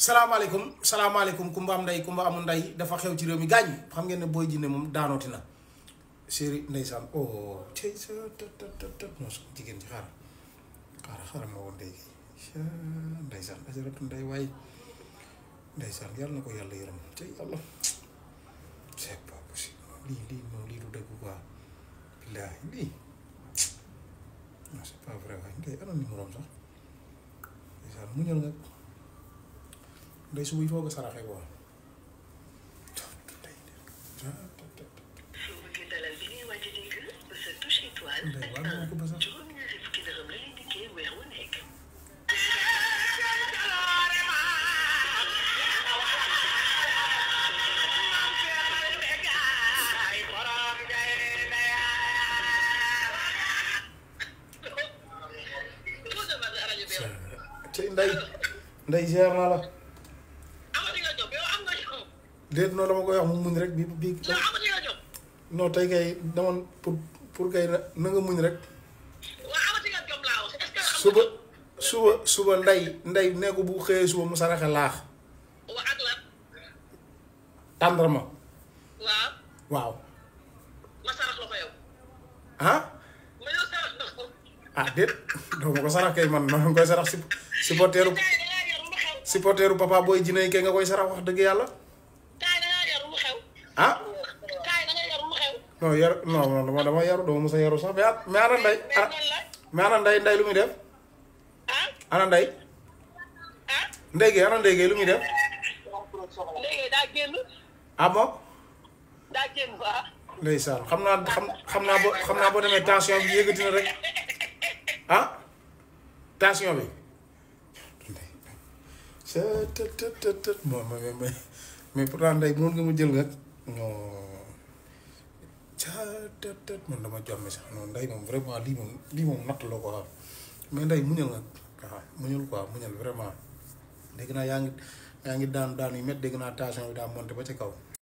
salam salaamaaleykum kumba am nday kumba amul nday dafa xew ci réew mi gaañ xam ngeen ne booy jinne mom daanooti na séri ndeysaan oh tey sa ta no so jigéen ci xaar xaar xaar ma woon ndey gi ndeysaan asaratu ndey way ndeysaan yàlla na ko yàlla yërëm tey yalla c'est pas possible li li mo li du dëgg quoi billahi li non c'est pas vrai waaye ndey ana numéro am sax mu muñal nga ndey su muy foog a saraxe quoi. Ndeye Ndeye ziar naa la. déet no dama koy wax mu muñ rek bi bi. non amatu yoo jóg. non tey kay dama pour pour kay na nga muñ rek. wa amatu nga jóg la wax est ce que. suba suba suba nday nday nee ko bu xëyee suba mu saraxe laax. wa ak la tandrama wa waaw. ma sarax la ko yow. ah. ma ñëw sarax ndax ko. ah déet doo ma ko sarax kay man maa ngoy koy sarax si supporteru supporteeru papa boy jinay kay nga koy sarax wax deug yalla ah. kaay da nga yaru lu xew. dama yaru dama mos yaru sax mais ah, mais ana nday. mais ana nday nday lu muy def. ah ana nday. Ah? ndey ge ana ndey ge lu muy def. ndey ge daa ah bon. daa génn xam naa xam xam naa boo xam naa boo demee tension bi yëkkati na rek ah tension bi. sa të të të moom mais mais pourtant ndey mënoon nga mu jël nga. ñoo caa tët man dama jommi sax noonu nday moom vraiment lii moom lii moom natt loo ko waaw mais nday muñal nag waaw muñal quoi muñal vraiment dégg naa yaa ngi yaa ngi daan daan yu métti dégg naa tension bi daa monté ba ci kaw.